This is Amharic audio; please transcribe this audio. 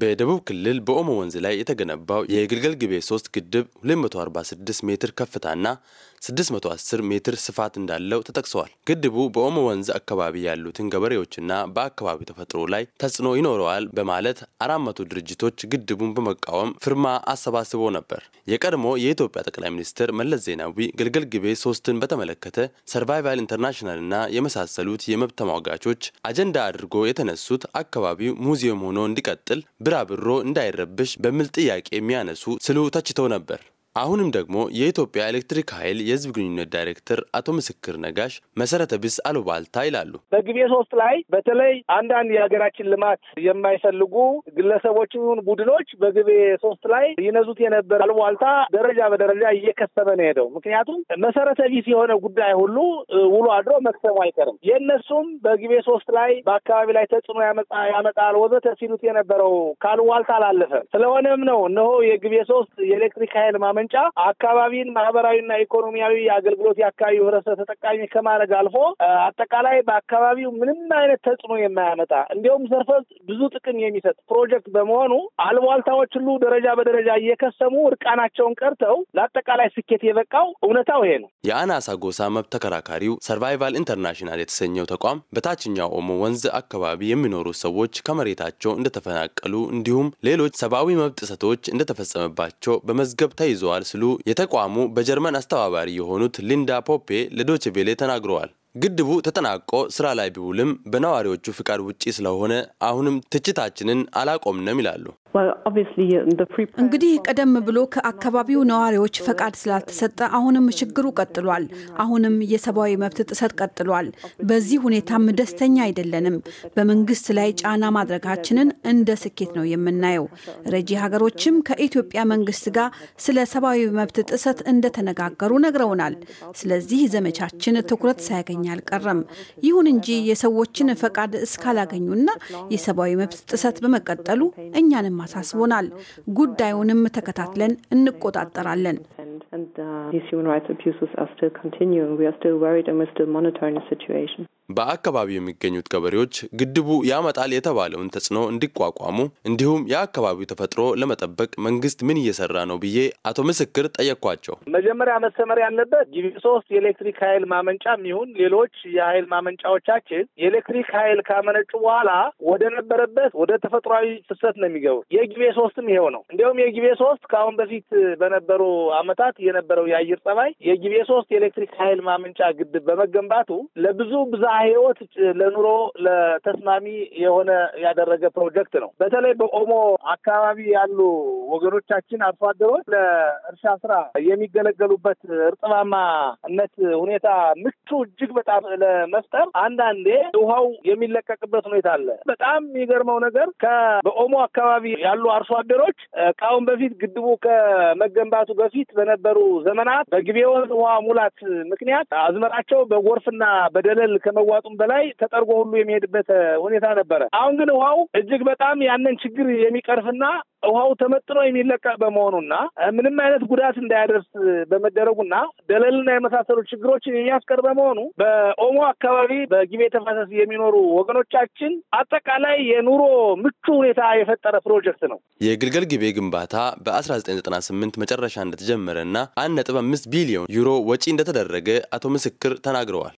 በደቡብ ክልል በኦሞ ወንዝ ላይ የተገነባው የግልገል ግቤ 3 ግድብ 246 ሜትር ከፍታና 610 ሜትር ስፋት እንዳለው ተጠቅሰዋል። ግድቡ በኦሞ ወንዝ አካባቢ ያሉትን ገበሬዎችና በአካባቢው ተፈጥሮ ላይ ተጽዕኖ ይኖረዋል በማለት 400 ድርጅቶች ግድቡን በመቃወም ፍርማ አሰባስቦ ነበር። የቀድሞ የኢትዮጵያ ጠቅላይ ሚኒስትር መለስ ዜናዊ ግልገል ግቤ ሶስትን በተመለከተ ሰርቫይቫል ኢንተርናሽናልና የመሳሰሉት የመብት ተሟጋቾች አጀንዳ አድርጎ የተነሱት አካባቢው ሙዚየም ሆኖ እንዲቀጥል ብራብሮ እንዳይረብሽ በሚል ጥያቄ የሚያነሱ ስሉ ተችተው ነበር። አሁንም ደግሞ የኢትዮጵያ ኤሌክትሪክ ኃይል የህዝብ ግንኙነት ዳይሬክተር አቶ ምስክር ነጋሽ መሰረተ ቢስ አሉባልታ ይላሉ። በግቤ ሶስት ላይ በተለይ አንዳንድ የሀገራችን ልማት የማይፈልጉ ግለሰቦችን ቡድኖች በግቤ ሶስት ላይ ይነዙት የነበረ አሉባልታ ደረጃ በደረጃ እየከሰመ ነው ሄደው። ምክንያቱም መሰረተ ቢስ የሆነ ጉዳይ ሁሉ ውሎ አድሮ መክሰሙ አይቀርም። የእነሱም በግቤ ሶስት ላይ በአካባቢ ላይ ተጽዕኖ ያመጣል ወዘተ ሲሉት የነበረው ካሉባልታ አላለፈ። ስለሆነም ነው እነሆ የግቤ ሶስት የኤሌክትሪክ ኃይል ማመ ማመንጫ አካባቢን ማህበራዊና ኢኮኖሚያዊ አገልግሎት የአካባቢ ህብረተሰብ ተጠቃሚ ከማድረግ አልፎ አጠቃላይ በአካባቢው ምንም አይነት ተጽዕኖ የማያመጣ እንዲሁም ዘርፈ ብዙ ጥቅም የሚሰጥ ፕሮጀክት በመሆኑ አልቧልታዎች ሁሉ ደረጃ በደረጃ እየከሰሙ እርቃናቸውን ቀርተው ለአጠቃላይ ስኬት የበቃው እውነታው ይሄ ነው። የአናሳ ጎሳ መብት ተከራካሪው ሰርቫይቫል ኢንተርናሽናል የተሰኘው ተቋም በታችኛው ኦሞ ወንዝ አካባቢ የሚኖሩ ሰዎች ከመሬታቸው እንደተፈናቀሉ እንዲሁም ሌሎች ሰብአዊ መብት ጥሰቶች እንደተፈጸመባቸው በመዝገብ ተይዘዋል ተይዘዋል ስሉ የተቋሙ በጀርመን አስተባባሪ የሆኑት ሊንዳ ፖፔ ለዶችቬሌ ተናግረዋል። ግድቡ ተጠናቆ ስራ ላይ ቢውልም በነዋሪዎቹ ፍቃድ ውጪ ስለሆነ አሁንም ትችታችንን አላቆምንም ይላሉ። Uh, እንግዲህ ቀደም ብሎ ከአካባቢው ነዋሪዎች ፈቃድ ስላልተሰጠ አሁንም ችግሩ ቀጥሏል። አሁንም የሰብአዊ መብት ጥሰት ቀጥሏል። በዚህ ሁኔታም ደስተኛ አይደለንም። በመንግስት ላይ ጫና ማድረጋችንን እንደ ስኬት ነው የምናየው። ረጂ ሀገሮችም ከኢትዮጵያ መንግስት ጋር ስለ ሰብአዊ መብት ጥሰት እንደተነጋገሩ ነግረውናል። ስለዚህ ዘመቻችን ትኩረት ሳያገኝ አልቀረም። ይሁን እንጂ የሰዎችን ፈቃድ እስካላገኙና የሰብአዊ መብት ጥሰት በመቀጠሉ እኛንም አሳስቦናል። ጉዳዩንም ተከታትለን እንቆጣጠራለን። these human rights abuses are still continuing. We are still worried and we're still monitoring the situation. በአካባቢው የሚገኙት ገበሬዎች ግድቡ ያመጣል የተባለውን ተጽዕኖ እንዲቋቋሙ እንዲሁም የአካባቢው ተፈጥሮ ለመጠበቅ መንግስት ምን እየሰራ ነው ብዬ አቶ ምስክር ጠየኳቸው። መጀመሪያ መሰመር ያለበት ጊቢ ሶስት የኤሌክትሪክ ኃይል ማመንጫም ይሁን ሌሎች የኃይል ማመንጫዎቻችን የኤሌክትሪክ ኃይል ካመነጩ በኋላ ወደ ነበረበት ወደ ተፈጥሯዊ ፍሰት ነው የሚገቡ የጊቤ ሶስትም ይሄው ነው። እንዲሁም የጊቤ ሶስት ከአሁን በፊት በነበሩ አመታት የነበረው የአየር ጸባይ የጊቤ ሶስት የኤሌክትሪክ ኃይል ማመንጫ ግድብ በመገንባቱ ለብዙ ብዛ ለህይወት ለኑሮ ለተስማሚ የሆነ ያደረገ ፕሮጀክት ነው። በተለይ በኦሞ አካባቢ ያሉ ወገኖቻችን አርሶ አደሮች ለእርሻ ስራ የሚገለገሉበት እርጥባማነት ሁኔታ ምቹ እጅግ በጣም ለመፍጠር አንዳንዴ ውሃው የሚለቀቅበት ሁኔታ አለ። በጣም የሚገርመው ነገር በኦሞ አካባቢ ያሉ አርሶ አደሮች ከአሁን በፊት ግድቡ ከመገንባቱ በፊት በነበሩ ዘመናት በግቤ ወንዝ ውሃ ሙላት ምክንያት አዝመራቸው በጎርፍና በደለል ከመዋ ከመዋጡም በላይ ተጠርጎ ሁሉ የሚሄድበት ሁኔታ ነበረ። አሁን ግን ውሃው እጅግ በጣም ያንን ችግር የሚቀርፍና ውሃው ተመጥኖ የሚለቀ በመሆኑና ምንም አይነት ጉዳት እንዳያደርስ በመደረጉና ደለልና የመሳሰሉ ችግሮችን የሚያስቀር በመሆኑ በኦሞ አካባቢ በጊቤ ተፋሰስ የሚኖሩ ወገኖቻችን አጠቃላይ የኑሮ ምቹ ሁኔታ የፈጠረ ፕሮጀክት ነው። የግልገል ጊቤ ግንባታ በ1998 መጨረሻ እንደተጀመረና 1.5 ቢሊዮን ዩሮ ወጪ እንደተደረገ አቶ ምስክር ተናግረዋል።